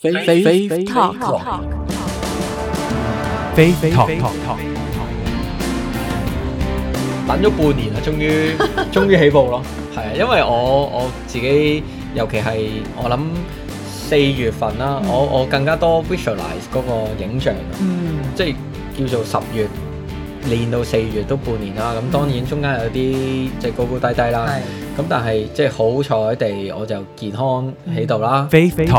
飛飛 talk，飛飛 talk，等咗半年啊，終於 終於起步咯，係啊，因為我我自己，尤其係我諗四月份啦，嗯、我我更加多 visualize 嗰個影像，嗯，即係叫做十月。練到四月都半年啦，咁、嗯、當然中間有啲即係高高低低啦，咁、嗯、但係即係好彩地我就健康喺度啦，飛飛。呢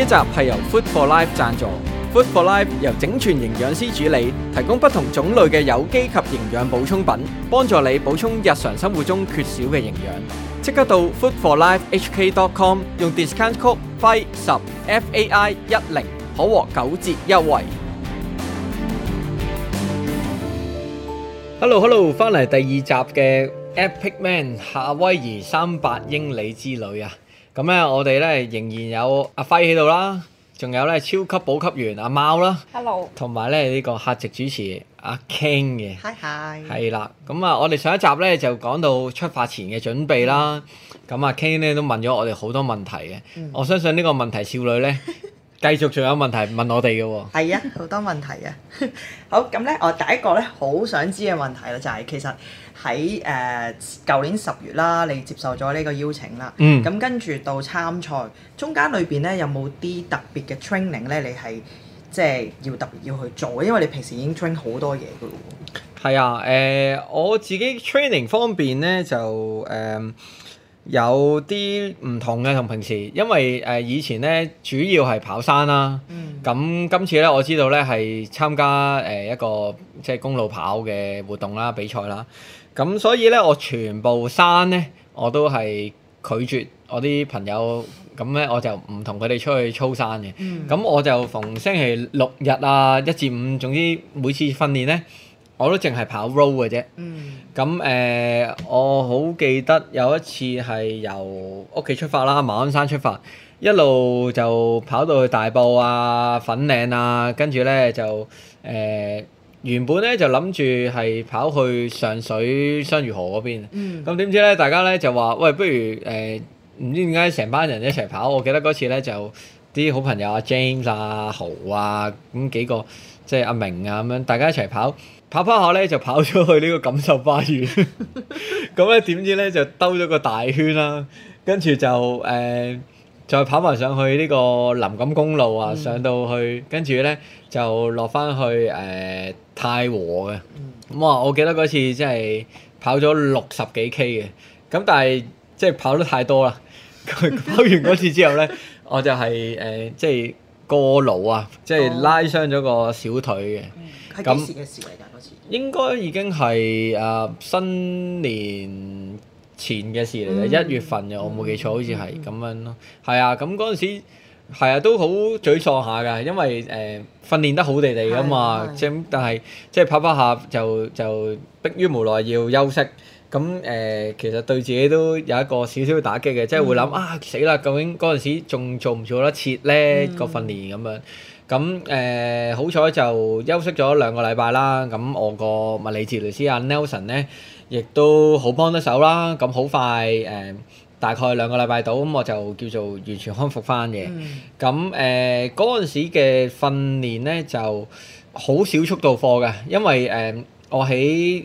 一集係由 Food for Life 贊助，Food for Life 由整全營養師主理，提供不同種類嘅有機及營養補充品，幫助你補充日常生活中缺少嘅營養。即刻到 foodforlifehk.com 用 discount code 飛十 F A I 一零可獲九折優惠。Hello，Hello，翻嚟第二集嘅《Epic Man 夏威夷三百英里之旅》啊！咁、嗯、咧，我哋咧仍然有阿輝喺度啦，仲有咧超級補給員阿貓啦，Hello，同埋咧呢、這個客席主持阿、啊、King 嘅，係啦 Hi hi.。咁啊，我哋上一集咧就講到出發前嘅準備啦。咁阿 King 咧都問咗我哋好多問題嘅，嗯、我相信呢個問題少女咧。 繼續仲有問題問我哋嘅喎？係啊，好多問題啊！ 好，咁咧，我第一個咧，好想知嘅問題咯、就係，就係其實喺誒舊年十月啦，你接受咗呢個邀請啦。嗯。咁跟住到參賽中間裏邊咧，有冇啲特別嘅 training 咧？你係即係要特別要去做，因為你平時已經 train 好多嘢嘅咯。係啊，誒、呃、我自己 training 方面咧就誒。呃有啲唔同嘅同平時，因為誒、呃、以前咧主要係跑山啦、啊，咁今、嗯、次咧我知道咧係參加誒一個即係公路跑嘅活動啦，比賽啦，咁所以咧我全部山咧我都係拒絕我啲朋友，咁咧我就唔同佢哋出去操山嘅，咁、嗯、我就逢星期六日啊一至五，總之每次訓練咧。我都淨係跑 row 嘅啫。咁誒、嗯嗯，我好記得有一次係由屋企出發啦，馬鞍山出發，一路就跑到去大埔啊、粉嶺啊，跟住咧就誒、呃，原本咧就諗住係跑去上水雙魚河嗰邊。咁點知咧，大家咧就話：喂，不如誒，唔、呃、知點解成班人一齊跑。我記得嗰次咧就啲好朋友阿、啊、James 啊、啊、豪啊，咁、嗯、幾個即係阿、啊、明啊咁樣，大家一齊跑。跑跑下咧，就跑咗去呢個錦繡花園。咁咧點知咧就兜咗個大圈啦，跟住就誒、呃、再跑埋上去呢個林錦公路啊，上到去跟住咧就落翻去誒太、呃、和嘅。咁啊、嗯嗯，我記得嗰次真係跑咗六十幾 K 嘅，咁但係即係跑得太多啦。 跑完嗰次之後咧，我就係誒即係過勞啊，即、就、係、是、拉傷咗個小腿嘅。係、哦嗯應該已經係誒、呃、新年前嘅事嚟嘅，一、嗯、月份嘅我冇記錯，好似係咁樣咯。係啊，咁嗰陣時係啊，都好沮喪下㗎，因為誒、呃、訓練得好地地㗎嘛，咁但係即係跑跑下就就迫於無奈要休息。咁誒、呃，其實對自己都有一個少少打擊嘅，即係會諗、嗯、啊死啦！究竟嗰陣時仲做唔做得切咧個訓練咁樣？咁誒、嗯呃、好彩就休息咗兩個禮拜啦。咁我個物理治療師阿 Nelson 咧，亦都好幫得手啦。咁好快誒、呃，大概兩個禮拜到，咁我就叫做完全康復翻嘅。咁誒嗰陣時嘅訓練咧，就好少速度課嘅，因為誒、呃我喺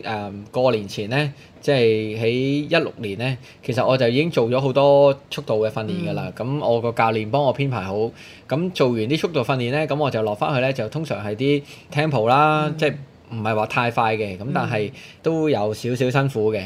誒、呃、過年前咧，即係喺一六年咧，其實我就已經做咗好多速度嘅訓練㗎啦。咁、嗯、我個教練幫我編排好，咁做完啲速度訓練咧，咁我就落返去咧，就通常係啲 tempo 啦，嗯、即係。唔係話太快嘅，咁但係都有少少辛苦嘅。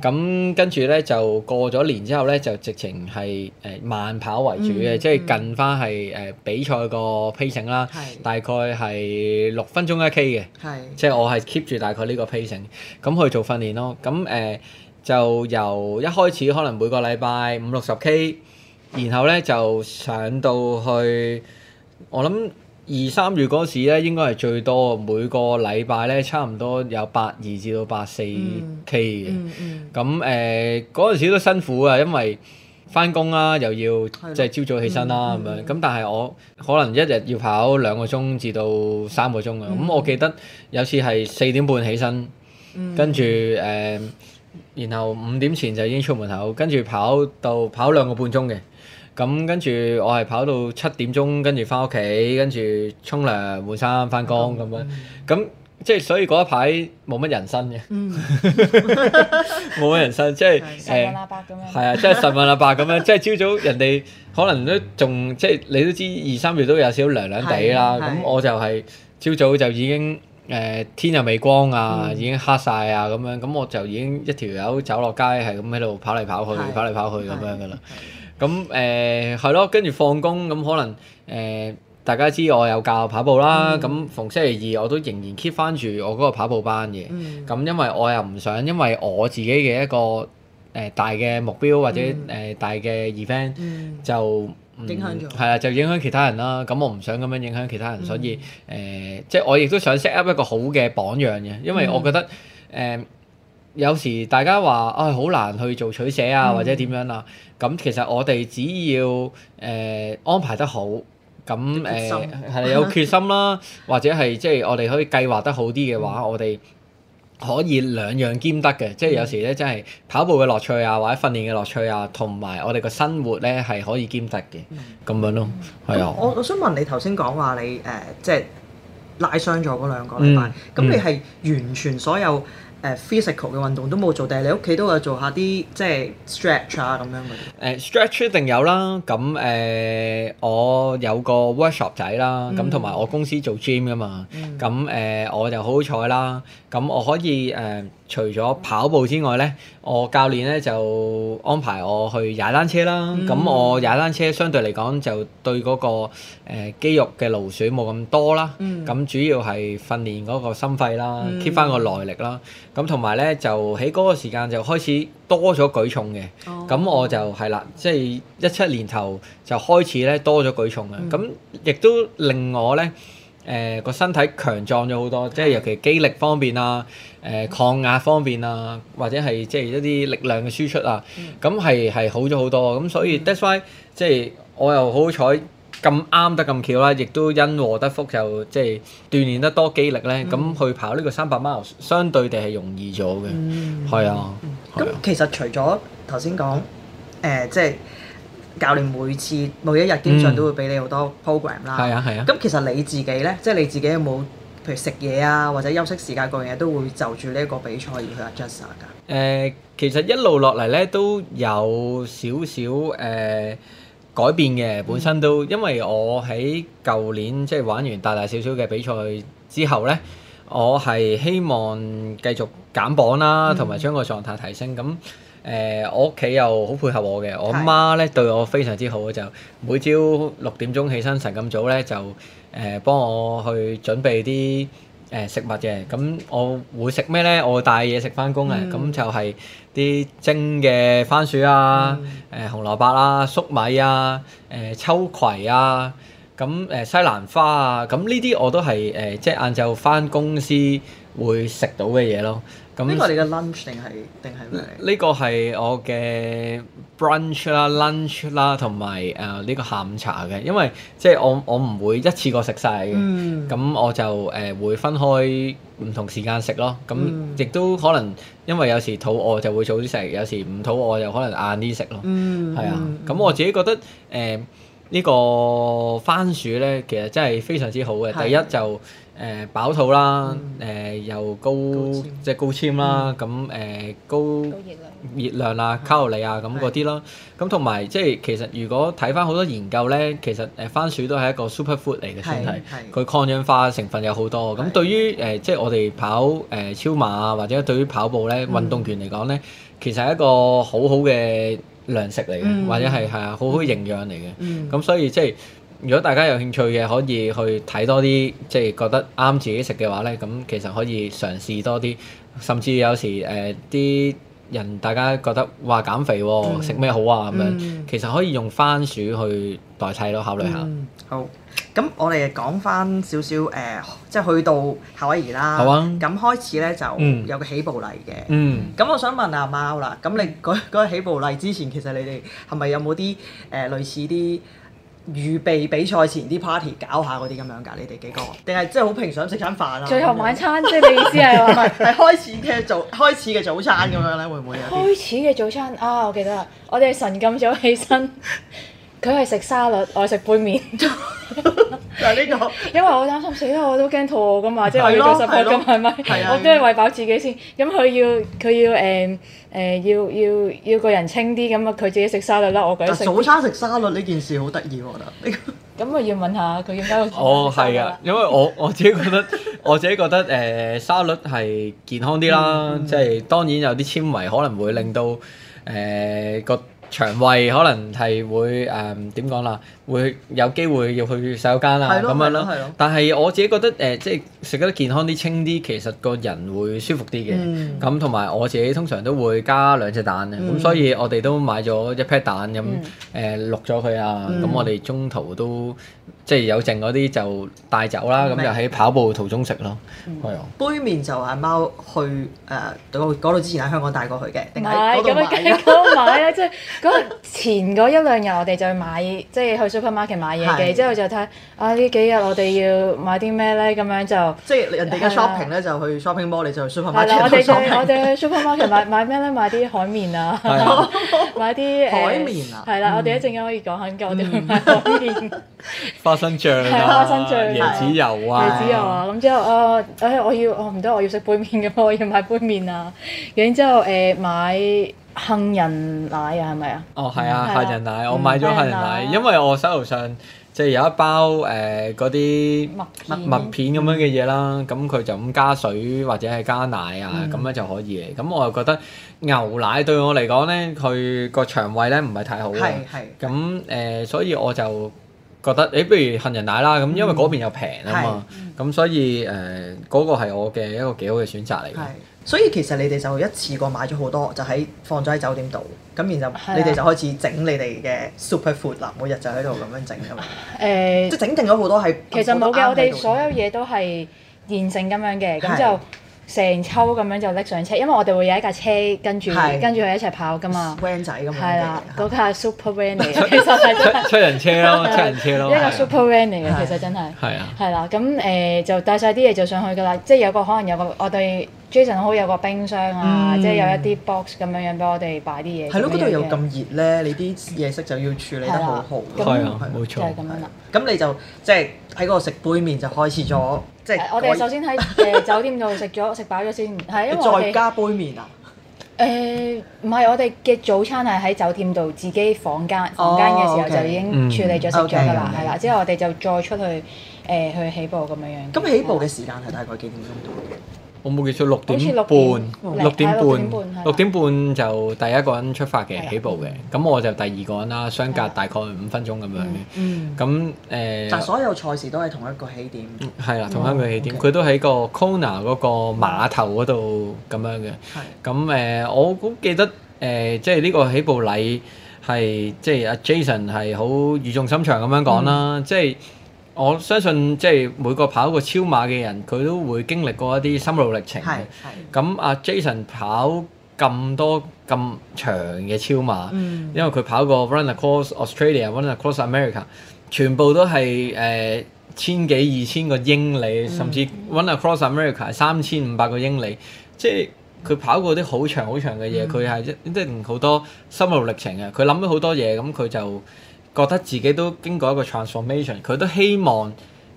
咁、嗯、跟住咧就過咗年之後咧，就直情係誒慢跑為主嘅，嗯嗯、即係近翻係誒比賽個 pacing 啦。是大概係六分鐘一 k 嘅，是即係我係 keep 住大概呢個 pacing，咁去做訓練咯。咁誒、呃、就由一開始可能每個禮拜五六十 k，然後咧就上到去我諗。二三月嗰時咧，應該係最多，每個禮拜咧差唔多有八二至到八四 K 嘅。咁誒嗰陣時都辛苦啊，因為返工啦，又要即係朝早起身啦咁樣。咁、嗯嗯嗯、但係我可能一日要跑兩個鐘至到三個鐘啊。咁、嗯、我記得有次係四點半起身，嗯、跟住誒、呃，然後五點前就已經出門口，跟住跑到跑兩個半鐘嘅。咁跟住我係跑到七點鐘，跟住翻屋企，跟住沖涼換衫翻工咁樣。咁即係所以嗰一排冇乜人生嘅，冇乜人生即係，係啊，即係晨運阿伯咁樣。即係朝早人哋可能都仲即係你都知二三月都有少涼涼地啦。咁我就係朝早就已經誒天又未光啊，已經黑晒啊咁樣。咁我就已經一條友走落街，係咁喺度跑嚟跑去，跑嚟跑去咁樣噶啦。咁誒係咯，跟住放工咁可能誒大家知我有教跑步啦，咁逢星期二我都仍然 keep 翻住我嗰個跑步班嘅。咁、嗯嗯嗯、因為我又唔想因為我自己嘅一個誒、呃、大嘅目標或者誒、呃、大嘅 event、嗯嗯、就影響咗，係、嗯、啊，就影響其他人啦。咁我唔想咁樣影響其他人，所以誒、呃、即係我亦都想 set up 一個好嘅榜樣嘅，因為我覺得誒，呃有時大家話啊好難去做取捨啊或者點樣啦，咁其實我哋只要誒安排得好，咁誒係有決心啦，或者係即係我哋可以計劃得好啲嘅話，我哋可以兩樣兼得嘅，即係有時咧真係跑步嘅樂趣啊或者訓練嘅樂趣啊，同埋我哋個生活咧係可以兼得嘅，咁樣咯，係啊。我我想問你頭先講話你誒即係拉傷咗嗰兩個禮拜，咁你係完全所有。誒、uh, physical 嘅運動都冇做，定係你屋企都有做下啲即係 stretch 啊咁樣嘅？誒、uh, stretch 一定有啦，咁誒、uh, 我有個 workshop 仔啦，咁同埋我公司做 gym 噶嘛，咁誒、mm. uh, 我就好好彩啦，咁我可以誒。Uh, 除咗跑步之外呢，我教練呢就安排我去踩單車啦。咁、嗯、我踩單車相對嚟講就對嗰、那個、呃、肌肉嘅勞損冇咁多啦。咁、嗯、主要係訓練嗰個心肺啦，keep 翻、嗯、個耐力啦。咁同埋呢，就喺嗰個時間就開始多咗舉重嘅。咁、哦、我就係、嗯、啦，即係一七年頭就開始呢多咗舉重啦。咁亦都令我呢。誒個、呃、身體強壯咗好多，即係尤其肌力方面啊，誒、呃、抗壓方面啊，或者係即係一啲力量嘅輸出啊，咁係係好咗好多。咁所以、嗯、That's why 即係我又好彩咁啱得咁巧啦，亦都因禍得福就，就即係鍛鍊得多肌力咧，咁、嗯、去跑呢個三百 m 相對地係容易咗嘅，係、嗯、啊。咁其實除咗頭先講誒，即係。教練每次每一日經常都會俾你好多 program 啦、嗯。係啊係啊。咁、啊、其實你自己呢，即係你自己有冇譬如食嘢啊，或者休息時間各樣嘢都會就住呢一個比賽而去 adjust 噶？誒、呃，其實一路落嚟呢，都有少少誒、呃、改變嘅。本身都因為我喺舊年即係、就是、玩完大大小小嘅比賽之後呢，我係希望繼續減磅啦，同埋將個狀態提升咁。嗯嗯。誒、呃、我屋企又好配合我嘅，我媽咧對我非常之好，就每朝六點鐘起身，晨咁早咧就誒、呃、幫我去準備啲誒、呃、食物嘅。咁我會食咩咧？我帶嘢食翻工嘅，咁、嗯、就係啲蒸嘅番薯啊、誒、嗯呃、紅蘿蔔啦、啊、粟米啊、誒、呃、秋葵啊，咁、呃、誒西蘭花啊。咁呢啲我都係誒、呃、即係晏晝翻公司會食到嘅嘢咯。呢個、嗯、你嘅 lunch 定係定係咩？呢個係我嘅 brunch 啦、lunch 啦，同埋誒呢個下午茶嘅。因為即係我我唔會一次過食晒嘅，咁、嗯、我就誒、呃、會分開唔同時間食咯。咁、嗯、亦都可能因為有時肚餓就會早啲食，有時唔肚餓就可能晏啲食咯。係、嗯、啊，咁我自己覺得誒呢、呃呢個番薯咧，其實真係非常之好嘅。第一就。誒飽肚啦，誒又高即係高纖啦，咁誒高熱量熱量啦、卡路里啊，咁嗰啲啦，咁同埋即係其實如果睇翻好多研究咧，其實誒番薯都係一個 super food 嚟嘅係啊，佢抗氧化成分有好多，咁對於誒即係我哋跑誒超馬啊，或者對於跑步咧運動員嚟講咧，其實係一個好好嘅糧食嚟嘅，或者係係啊好好營養嚟嘅，咁所以即係。如果大家有興趣嘅，可以去睇多啲，即係覺得啱自己食嘅話咧，咁其實可以嘗試多啲，甚至有時誒啲、呃、人大家覺得哇減肥喎、哦，食咩、嗯、好啊咁、嗯、樣，其實可以用番薯去代替咯，考慮下、嗯。好，咁我哋講返少少誒、呃，即係去到夏威夷啦。好啊。咁開始咧就有個起步例嘅、嗯。嗯。咁我想問阿貓啦，咁你嗰、嗰個嗰個起步例之前，其實你哋係咪有冇啲誒類似啲？預備比賽前啲 party 搞下嗰啲咁樣㗎，你哋幾個定係即係好平常食餐飯啦、啊？最後晚餐即係你意思係話，係開始嘅早開始嘅早餐咁樣咧，會唔會有啲？開始嘅早餐，會會早餐啊，我記得啦，我哋係神咁早起身，佢係食沙律，我係食杯麪。 呢個 因為我擔心死啦，我都驚肚餓噶嘛，即係的我要做實拍噶，係咪？我都係餵飽自己先。咁佢要佢要誒誒要要要個人清啲，咁啊佢自己食沙律啦，我鬼食。早餐食沙律呢件事好得意，我覺得。咁啊要問下佢點解會？哦，係啊， 因為我我自己覺得 我自己覺得誒、呃、沙律係健康啲啦，嗯、即係當然有啲纖維可能會令到誒、呃呃、個腸胃可能係會誒點講啦。呃呃會有機會要去洗手間啊，咁樣咯。但係我自己覺得誒，即係食得健康啲、清啲，其實個人會舒服啲嘅。咁同埋我自己通常都會加兩隻蛋咧，咁所以我哋都買咗一 package 蛋咁誒，淥咗佢啊。咁我哋中途都即係有剩嗰啲就帶走啦。咁就喺跑步途中食咯，係啊。杯麵就阿貓去誒，嗰度之前喺香港帶過去嘅，唔係嗰度買嘅，嗰度買啦。即係前嗰一兩日，我哋就去買即係去。supermarket 買嘢嘅，之後就睇啊呢幾日我哋要買啲咩咧，咁樣就即係人哋嘅 shopping 咧，就去 shopping mall，你就去 supermarket shopping。我哋去 supermarket 買買咩咧？買啲海綿啊，買啲海綿啊。係啦，我哋一陣間可以講很久啲海綿。花生醬，花生醬，椰子油啊，椰子油啊。咁之後啊，唉，我要我唔得，我要食杯麪嘅，我要買杯麪啊。然之後誒買。杏仁奶是是、哦、啊，係咪啊？哦，係啊，杏仁奶，我買咗杏仁奶，嗯、因為我手頭上即係有一包誒嗰啲麥麥片咁樣嘅嘢啦，咁佢、嗯、就咁加水或者係加奶啊，咁樣、嗯、就可以。咁我又覺得牛奶對我嚟講咧，佢個腸胃咧唔係太好啊。咁誒、呃，所以我就覺得誒，不、欸、如杏仁奶啦。咁因為嗰邊又平啊嘛，咁、嗯嗯、所以誒，嗰、呃嗰個係我嘅一個幾好嘅選擇嚟嘅。所以其實你哋就一次過買咗好多，就喺放咗喺酒店度。咁然後就你哋就開始整你哋嘅 super food 啦，每日就喺度咁樣整噶嘛。誒，即係整定咗好多係。其實冇嘅，我哋所有嘢都係現成咁樣嘅，咁就成抽咁樣就拎上車，因為我哋會有一架車跟住，跟住佢一齊跑噶嘛。van 仔咁樣。係啦，嗰架 super van 嚟嘅，其實係真係。七人車咯，七人車咯。一個 super van 嚟嘅，其實真係。係啊。係啦，咁誒就帶晒啲嘢就上去噶啦，即係有個可能有個我哋。Jason 好，有個冰箱啊，即係有一啲 box 咁樣樣俾我哋擺啲嘢。係咯，嗰度又咁熱咧，你啲嘢食就要處理得好好。係啊，係冇錯。係咁樣啦。咁你就即係喺個食杯麪就開始咗，即係我哋首先喺誒酒店度食咗食飽咗先。係，因為我哋再加杯麪啊？誒，唔係，我哋嘅早餐係喺酒店度自己房間房間嘅時候就已經處理咗食咗噶啦，係啦。之後我哋就再出去誒去起步咁樣樣。咁起步嘅時間係大概幾點鐘到？我冇記錯，六點半，六點，點半，六點，點半就第一個人出發嘅的起步嘅，咁我就第二個人啦，相隔大概五分鐘咁樣嘅。咁誒，但係所有賽事都喺同一個起點，係啦，嗯，同一個起點，佢、嗯、都喺個 Kona 嗰個碼頭嗰度咁樣嘅。咁誒的、呃，我好記得誒、呃，即係呢個起步禮係即係阿 Jason 係好語重心長咁樣講啦，嗯、即係。我相信即係每個跑過超馬嘅人，佢都會經歷過一啲心路歷程。係、係。咁阿、啊、Jason 跑咁多咁長嘅超馬，嗯、因為佢跑過 Run Across Australia、Run Across America，全部都係誒、呃、千幾、二千個英里，甚至 Run Across America 三千五百個英里。嗯、即係佢跑過啲好長,很長、好長嘅嘢，佢係即係好多心路歷程啊！佢諗咗好多嘢，咁佢就。覺得自己都經過一個 transformation，佢都希望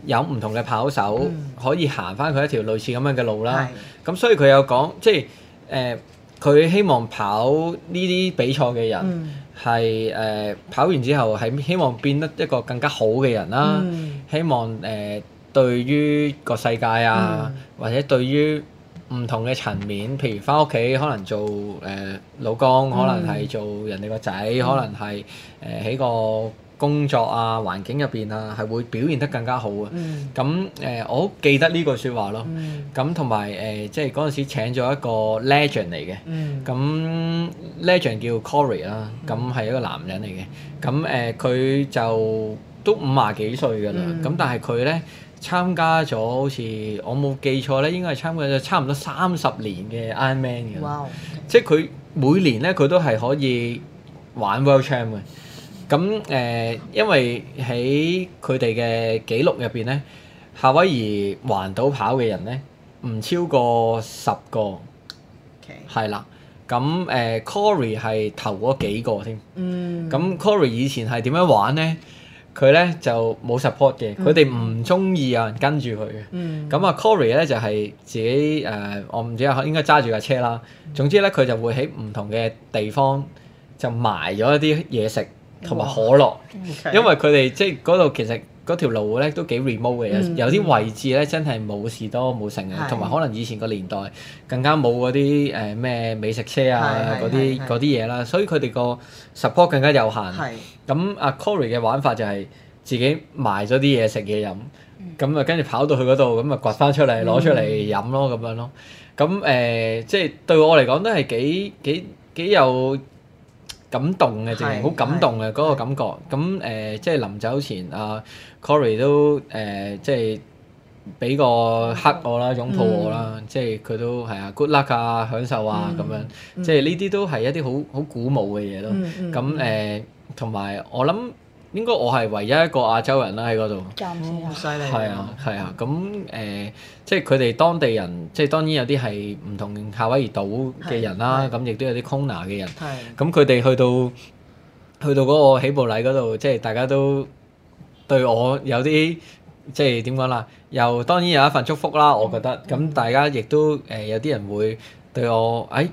有唔同嘅跑手、嗯、可以行返佢一條類似咁樣嘅路啦。咁是所以佢有講，即係誒，佢、呃、希望跑呢啲比賽嘅人係誒、嗯呃、跑完之後係希望變得一個更加好嘅人啦。嗯、希望誒、呃、對於個世界啊，嗯、或者對於。唔同嘅層面，譬如翻屋企可能做誒、呃、老江，可能係做人哋個仔，嗯、可能係誒喺個工作啊環境入邊啊，係會表現得更加好啊。咁誒、嗯呃，我好記得呢句説話咯。咁同埋誒，即係嗰陣時請咗一個 legend 嚟嘅。咁、嗯嗯、legend 叫 Corey 啦、嗯，咁係一個男人嚟嘅。咁、嗯、誒，佢、呃、就都五廿幾歲㗎啦。咁、嗯、但係佢咧。參加咗好似我冇記錯咧，應該係參加咗差唔多三十年嘅 Ironman 嘅，Wow. 即係佢每年咧佢都係可以玩 World Champion 嘅。咁誒、呃，因為喺佢哋嘅記錄入邊咧，夏威夷環島跑嘅人咧唔超過十個，係啦 Okay.。咁誒、呃、Corey 係頭嗰幾個先。Mm. 嗯。咁 Corey 以前係點樣玩咧？佢咧就冇 support 嘅，佢哋唔中意有人跟住佢嘅。咁啊、嗯、Cory 咧就係、是、自己誒、呃，我唔知啊，應該揸住架車啦。總之咧，佢就會喺唔同嘅地方就埋咗一啲嘢食同埋可樂，哦 okay. 因為佢哋即係嗰度其實。嗰條路咧都幾 remote 嘅，嗯、有啲位置咧、嗯、真係冇士多冇成嘅，同埋、嗯、可能以前個年代更加冇嗰啲誒咩美食車啊嗰啲、嗰啲嘢啦，所以佢哋個 support 更加有限。咁阿 Cory 嘅玩法就係自己買咗啲嘢食嘢飲，咁啊跟住跑到去嗰度，咁啊掘返出嚟攞出嚟飲咯，咁樣咯。咁誒、呃、即係對我嚟講都係幾幾幾有～感動嘅，淨係好感動嘅嗰個感覺。咁誒，即係臨走前啊 c o r y 都誒，即係俾個黑我啦，擁抱我啦，即係佢都係啊，good luck 啊，享受啊，咁樣。即係呢啲都係一啲好好鼓舞嘅嘢咯。咁誒，同埋我諗。應該我係唯一一個亞洲人啦喺嗰度，咁犀利。係啊，係啊，咁誒、呃，即係佢哋當地人，即係當然有啲係唔同夏威夷島嘅人啦，咁亦都有啲 Kona 嘅人。咁佢哋去到去到嗰個起步禮嗰度，即係大家都對我有啲即係點講啦？又當然有一份祝福啦，我覺得。咁、嗯嗯、大家亦都誒、呃、有啲人會對我誒。哎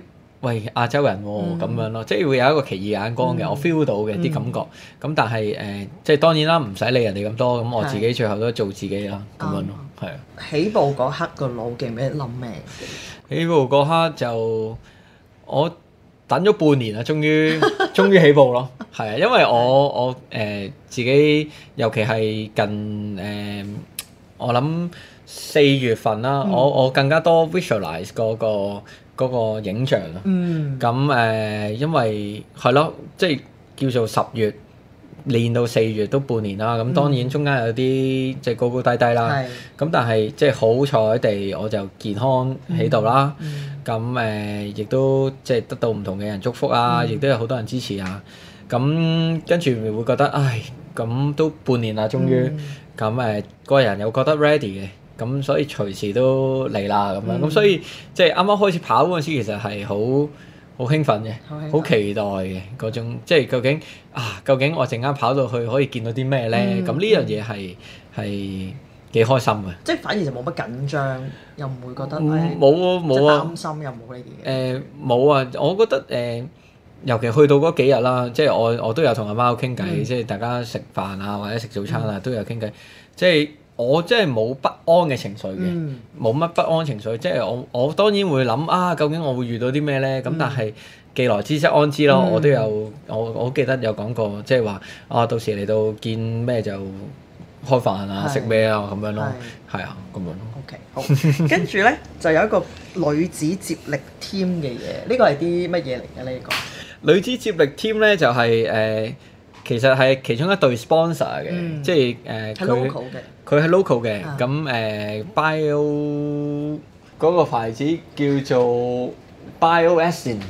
喂，亞洲人喎、哦，咁、嗯、樣咯，即係會有一個奇異眼光嘅，嗯、我 feel 到嘅啲感覺。咁、嗯、但係誒、呃，即係當然啦，唔使理人哋咁多，咁的我自己最後都做自己啦，咁樣咯，係啊。起步嗰刻、那個腦記唔記得諗咩？起步嗰刻就我等咗半年啦，終於終於起步咯。係啊， 因為我我誒、呃、自己，尤其係近誒、呃，我諗四月份啦，嗯、我我更加多 visualize、那、嗰個。嗰個影像啊，咁誒、嗯嗯，因為係咯，即係叫做十月連到四月都半年啦。咁、嗯、當然中間有啲即係高高低低啦。咁是但係即係好彩地，我就健康喺度啦。咁誒、嗯，亦、嗯嗯嗯、都即係得到唔同嘅人祝福啊，亦、嗯、都有好多人支持啊。咁、嗯、跟住會覺得，唉，咁都半年啦，終於咁誒、嗯嗯嗯，個人又覺得 ready 嘅。咁所以隨時都嚟啦咁樣，咁、嗯、所以即係啱啱開始跑嗰陣時，其實係好好興奮嘅，好期待嘅嗰種，即、就、係、是、究竟啊，究竟我陣間跑到去可以見到啲咩咧？咁呢樣嘢係係幾開心嘅，即係反而就冇乜緊張，又唔會覺得咧冇冇啊，哎就是、擔心又冇呢啲嘅。誒冇、呃呃、啊，我覺得誒、呃，尤其去到嗰幾日啦，即、就、係、是、我我都有同阿媽傾偈，嗯、即係大家食飯啊或者食早餐啊都有傾偈，即係。我即係冇不安嘅情緒嘅，冇乜不安情緒。即係我我當然會諗啊，究竟我會遇到啲咩咧？咁但係既來之則安之咯。我都有我我記得有講過，即係話啊，到時嚟到見咩就開飯啊，食咩啊咁樣咯，係啊咁樣咯。OK，好。跟住咧就有一個女子接力 team 嘅嘢，呢個係啲乜嘢嚟嘅呢個？女子接力 team 咧就係誒，其實係其中一隊 sponsor 嘅，即係誒。係 local 嘅。佢係 local 嘅，咁誒、啊、Bio 嗰、那個牌子叫做 b i o s e n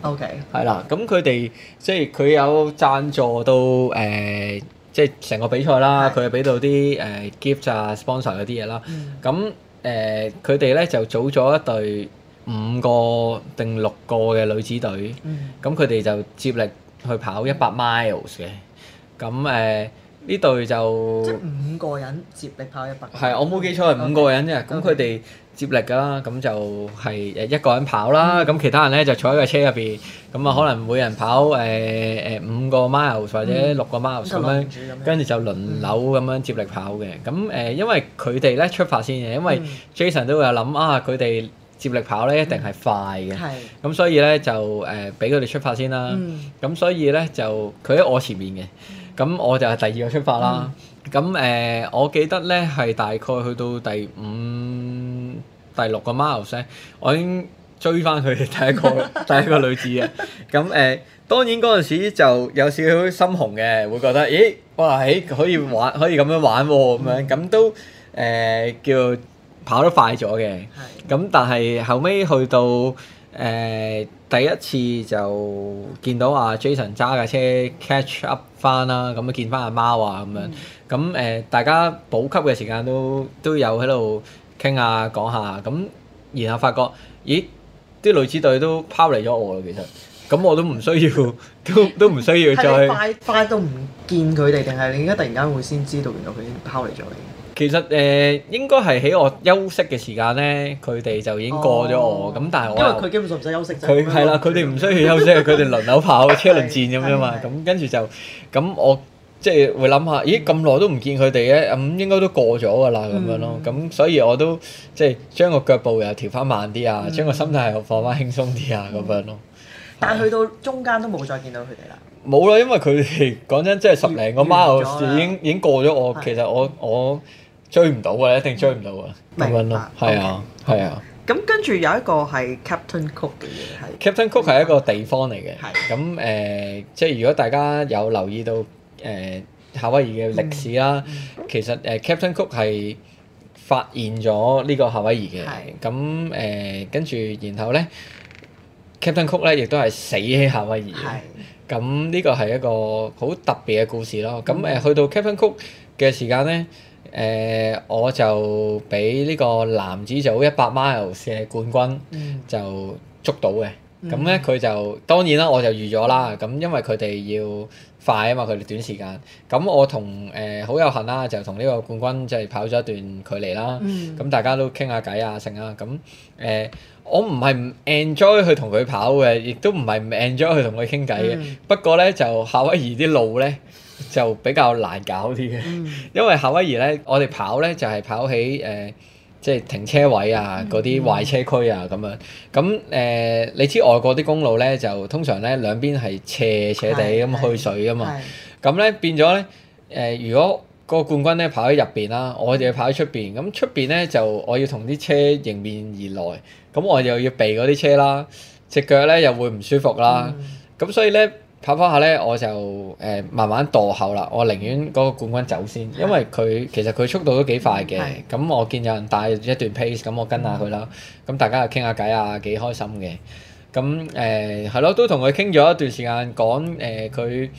o k 係啦。咁佢哋即係佢有贊助到誒、呃，即係成個比賽啦。佢係俾到啲誒、呃、gift 啊、sponsor 嗰啲嘢啦。咁誒佢哋咧就組咗一隊五個定六個嘅女子隊。咁佢哋就接力去跑一百 miles 嘅。咁誒、嗯。呢隊就即五個人接力跑一百。係，我冇記錯係五個人啫。咁佢哋接力㗎啦，咁就係誒一個人跑啦。咁其他人咧就坐喺個車入邊。咁啊，可能每人跑誒誒五個 mile 或者六個 mile 咁樣，跟住就輪流咁樣接力跑嘅。咁誒，因為佢哋咧出發先嘅，因為 Jason 都會有諗啊，佢哋接力跑咧一定係快嘅。咁所以咧就誒俾佢哋出發先啦。咁所以咧就佢喺我前面嘅。咁我就係第二個出發啦。咁誒、嗯呃，我記得咧係大概去到第五、第六個 miles 咧，我已經追翻佢哋。第一個、 第一個女子嘅。咁誒、呃，當然嗰陣時就有少少心紅嘅，會覺得咦哇，誒、欸、可以玩，可以咁樣玩喎咁樣。咁、嗯、都誒、呃、叫跑得快咗嘅。咁、嗯、但係後尾去到誒、呃、第一次就見到阿、啊、Jason 揸架車 catch up。翻啦，咁啊見翻阿媽啊，咁樣咁誒，大家補給嘅時間都都有喺度傾下講下，咁然後發覺，咦，啲女子隊都拋離咗我啦，其實，咁我都唔需要，都都唔需要再 快快都唔見佢哋，定係你而家突然間會先知道，原來佢已經拋離咗你？其實誒應該係喺我休息嘅時間咧，佢哋就已經過咗我咁，但係我因為佢基本上唔使休息啫。佢係啦，佢哋唔需要休息，佢哋輪流跑，車輪戰咁樣嘛。咁跟住就咁我即係會諗下，咦咁耐都唔見佢哋咧，咁應該都過咗㗎啦咁樣咯。咁所以我都即係將個腳步又調翻慢啲啊，將個心態又放翻輕鬆啲啊咁樣咯。但係去到中間都冇再見到佢哋啦。冇啦，因為佢哋講真，即係十零個馬奧已經已經過咗我。其實我我。追唔到嘅，一定追唔到嘅，咁白樣咯，係白啊，係 okay, 啊。咁跟住有一個係 Captain Cook 嘅嘢，係 Captain Cook 係一個地方嚟嘅。咁誒是、呃，即係如果大家有留意到誒夏、呃、威夷嘅歷史啦，嗯、其實誒、呃、Captain Cook 係發現咗呢個夏威夷嘅。咁誒是、呃，跟住然後咧，Captain Cook 咧亦都係死喺夏威夷嘅。咁呢是、嗯、個係一個好特別嘅故事咯。咁誒、呃，去到 Captain Cook 嘅時間咧。誒、呃、我就俾呢個男子組一百 mile 射冠軍、嗯、就捉到嘅，咁咧佢就當然啦，我就預咗啦。咁因為佢哋要快啊嘛，佢哋短時間。咁我同誒好有幸啦，就同呢個冠軍就係跑咗一段距離啦。咁、嗯、大家都傾下偈啊，成啊。咁、呃、誒我唔係唔 enjoy 去同佢跑嘅，亦都唔係唔 enjoy 去同佢傾偈嘅。嗯、不過咧就夏威夷啲路咧。就比較難搞啲嘅，嗯、因為夏威夷咧，我哋跑咧就係、是、跑起誒，即、呃、係、就是、停車位啊，嗰啲壞車區啊咁、嗯嗯、樣。咁、呃、誒，你知外國啲公路咧就通常咧兩邊係斜斜地咁去水㗎嘛。咁咧、嗯嗯、變咗咧誒，如果個冠軍咧跑喺入邊啦，我就要跑喺出邊。咁出邊咧就我要同啲車迎面而來，咁我就要避嗰啲車啦，隻腳咧又會唔舒服啦。咁、嗯嗯、所以咧。跑翻下咧，我就誒、呃、慢慢墮後啦。我寧願嗰個冠軍走先，因為佢其實佢速度都幾快嘅。咁、嗯、我見有人帶一段 pace，咁我跟下佢啦。咁、嗯、大家又傾下偈啊，幾開心嘅。咁誒係咯，都同佢傾咗一段時間，講誒佢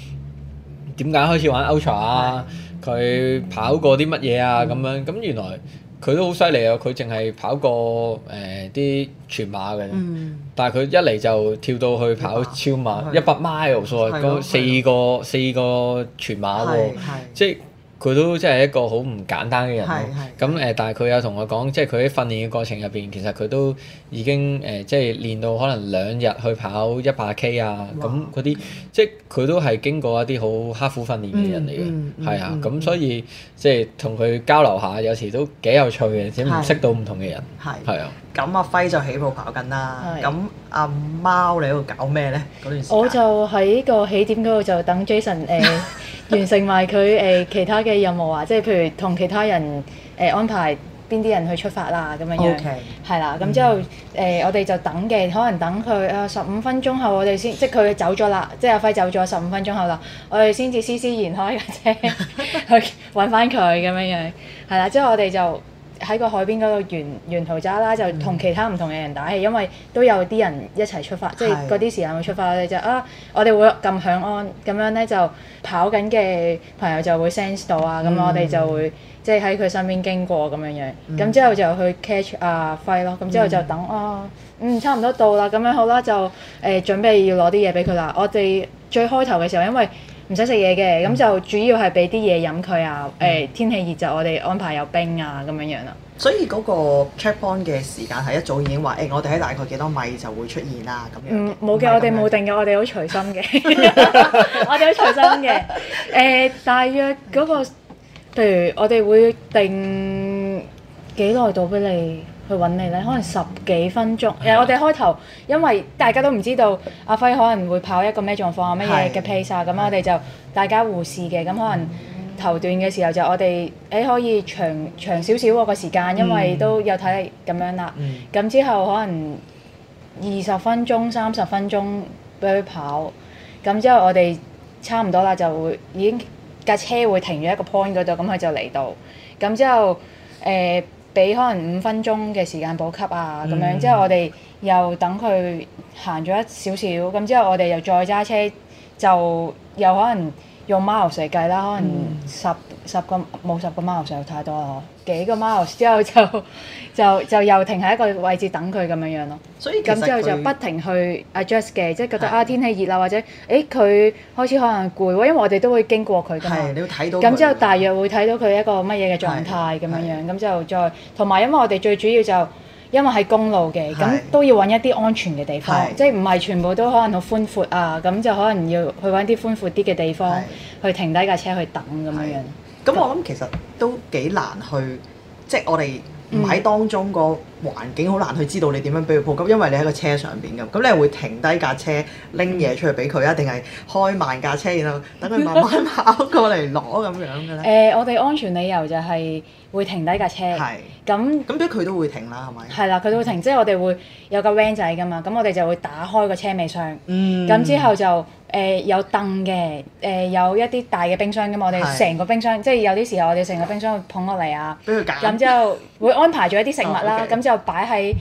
點解開始玩 Ultra 啊，佢、嗯、跑過啲乜嘢啊，咁樣咁、嗯嗯、原來。佢都好犀利啊！佢淨係跑過誒啲、呃、全馬嘅，嗯、但係佢一嚟就跳到去跑超馬一百 mile 喎四個，的四，個四個全馬喎，即係佢都真係一個好唔簡單嘅人咁誒，但係佢有同我講，即係佢喺訓練嘅過程入邊，其實佢都已經誒，即係練到可能兩日去跑一百 K 啊，咁嗰啲，即係佢都係經過一啲好刻苦訓練嘅人嚟嘅，係、嗯嗯嗯、啊。咁、嗯、所以即係同佢交流下，有時都幾有趣嘅，只唔識到唔同嘅人。係。啊。咁阿輝就起步跑緊啦。咁是阿貓你喺度搞咩呢？嗰段時間我就喺個起點嗰度就等 Jason 誒。 完成埋佢誒其他嘅任務啊！即係譬如同其他人誒、呃、安排邊啲人去出發啦咁樣樣，係啦 Okay.。咁、嗯、之後誒、呃、我哋就等嘅，可能等佢啊十五分鐘後我哋先，即係佢走咗啦，即係阿輝走咗十五分鐘後啦，我哋先至思思然開架車 去揾翻佢咁樣樣，係啦。之後我哋就。喺個海邊嗰度沿沿途渣啦，就同其他唔同嘅人打氣，因為都有啲人一齊出發，即係嗰啲時間會出發咧是的 就啊，我哋會咁響安咁樣呢就跑緊嘅朋友就會 sense 到啊，咁、嗯、我哋就會即係喺佢身邊經過咁樣樣，咁、嗯、之後就去 catch 阿輝咯，咁之後就等、嗯、啊，嗯，差唔多到啦，咁樣好啦，就誒、呃、準備要攞啲嘢俾佢啦，我哋最開頭嘅時候因為。唔使食嘢嘅，咁就主要係俾啲嘢飲佢啊！誒，天氣熱就我哋安排有冰啊，咁樣樣啦。所以嗰個 checkpoint 嘅時間係一早已經話，誒，我哋喺大概幾多米就會出現啦，咁樣。嗯，冇嘅，我哋冇定嘅，我哋好隨心嘅，我哋好隨心嘅。誒，大約嗰個，譬如我哋會定幾耐到俾你。去揾你咧，可能十幾分鐘。誒的、呃，我哋開頭因為大家都唔知道阿輝可能會跑一個咩狀況啊、咩嘢嘅 pace 咁我哋就大家互試嘅。咁、嗯、可能頭段嘅時候就我哋誒、欸、可以長長少少個時間，因為都有睇咁樣啦。咁、嗯、之後可能二十分鐘、三十分鐘俾佢跑。咁之後我哋差唔多啦，就會已經架車會停咗一個 point 嗰度，咁佢就嚟到。咁之後誒。呃俾可能五分鐘嘅時間補給啊，咁樣。mm hmm。之後我哋又等佢行咗一少少，咁之後我哋又再揸車就又可能。用 mile 嚟計啦，可能十、嗯、十個冇十個 mile 有太多啦，幾個 mile 之後就就就又停喺一個位置等佢咁樣樣咯。所以。咁之後就不停去 address 嘅，即係覺得啊係，天氣熱喇或者誒佢開始可能攰喎，因為我哋都會經過佢嘅。係，你要睇到。咁之後大約會睇到佢一個乜嘢嘅狀態咁樣樣，咁就再同埋因為我哋最主要就是。因為係公路嘅，咁是都要揾一啲安全嘅地方，是即係唔係全部都可能好寬闊是啊，咁就可能要去揾啲寬闊啲嘅地方是去停低架車去等咁樣是樣。咁我諗其實都幾難去，即係我哋唔喺當中個環境好難去知道你點樣俾佢補給，嗯、因為你喺個車上邊咁。咁你係會停低架車拎嘢出去俾佢啊，定係開慢架車然後等佢慢慢跑過嚟攞咁樣嘅咧？誒 、呃，我哋安全理由就係、是。會停低架車，咁咁佢都會停啦，係咪吧？係啦，佢都會停，嗯、即係我哋會有架 van 仔噶嘛，咁我哋就會打開個車尾箱，咁、嗯、之後就誒、呃、有凳嘅，誒、呃、有一啲大嘅冰箱噶嘛，我哋成個冰箱，是即係有啲時候我哋成個冰箱會捧落嚟啊，咁之後會安排咗一啲食物啦，咁就 後擺喺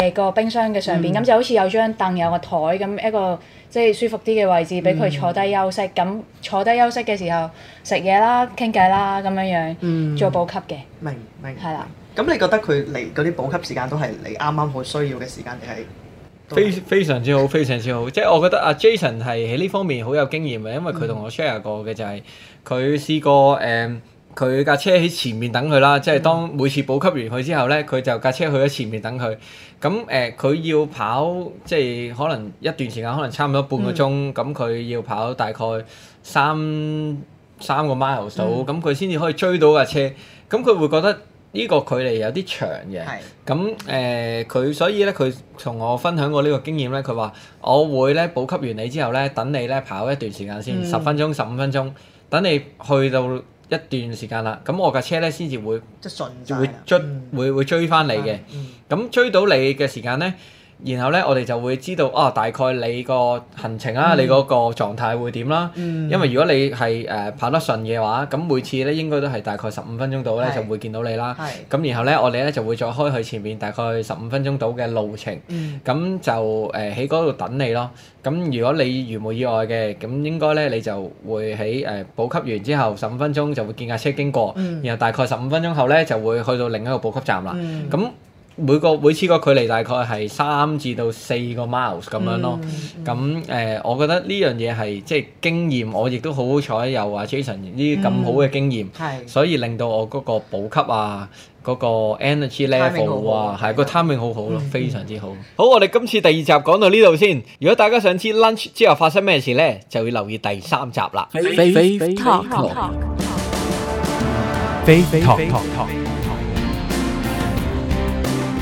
誒個冰箱嘅上邊，咁、嗯、就好似有張凳，有個台咁一個。即係舒服啲嘅位置，俾佢坐低休息。咁、嗯、坐低休息嘅時候，食嘢啦、傾偈啦，咁樣樣、嗯、做補給嘅。明明係啦，咁的你覺得佢嚟嗰啲補給時間都係你啱啱好需要嘅時間定係？非非常之好，非常之好。即係 我覺得阿 Jason 係喺呢方面好有經驗嘅，因為佢同我 share 過嘅、嗯、就係佢試過誒。Um, 佢架車喺前面等佢啦，即係當每次補給完佢之後咧，佢就架車去咗前面等佢。咁誒，佢、呃、要跑，即係可能一段時間，可能差唔多半個鐘。咁佢、嗯、要跑大概三三個 mile 到，咁佢先至可以追到架車。咁佢會覺得呢個距離有啲長嘅。咁誒是，佢、呃、所以咧，佢同我分享過呢個經驗咧，佢話：我會咧補給完你之後咧，等你咧跑一段時間先，十、嗯、分鐘、十五分鐘，等你去到。一段時間啦，咁我架車咧先至會，即係順勢，會追會會追翻你嘅，咁追到你嘅時間咧。然後咧，我哋就會知道啊，大概你個行程啊，你嗰個狀態會點啦。因為如果你係誒跑得順嘅話，咁每次咧應該都係大概十五分鐘度咧就會見到你啦。咁然後咧，我哋咧就會再開去前面大概十五分鐘度嘅路程。咁就誒喺嗰度等你咯。咁如果你如無意外嘅，咁應該咧你就會喺誒補給完之後十五分鐘就會見架車經過，然後大概十五分鐘後咧就會去到另一個補給站啦。咁每個每次個距離大概係三至到四個 miles 咁樣咯，咁誒，我覺得呢樣嘢係即係經驗，我亦都好好彩，有阿 Jason 呢啲咁好嘅經驗，所以令到我嗰個補給啊，嗰個 energy level 啊，係個 timing 好好咯，非常之好。好，我哋今次第二集講到呢度先。如果大家想知 lunch 之後發生咩事呢，就要留意第三集啦。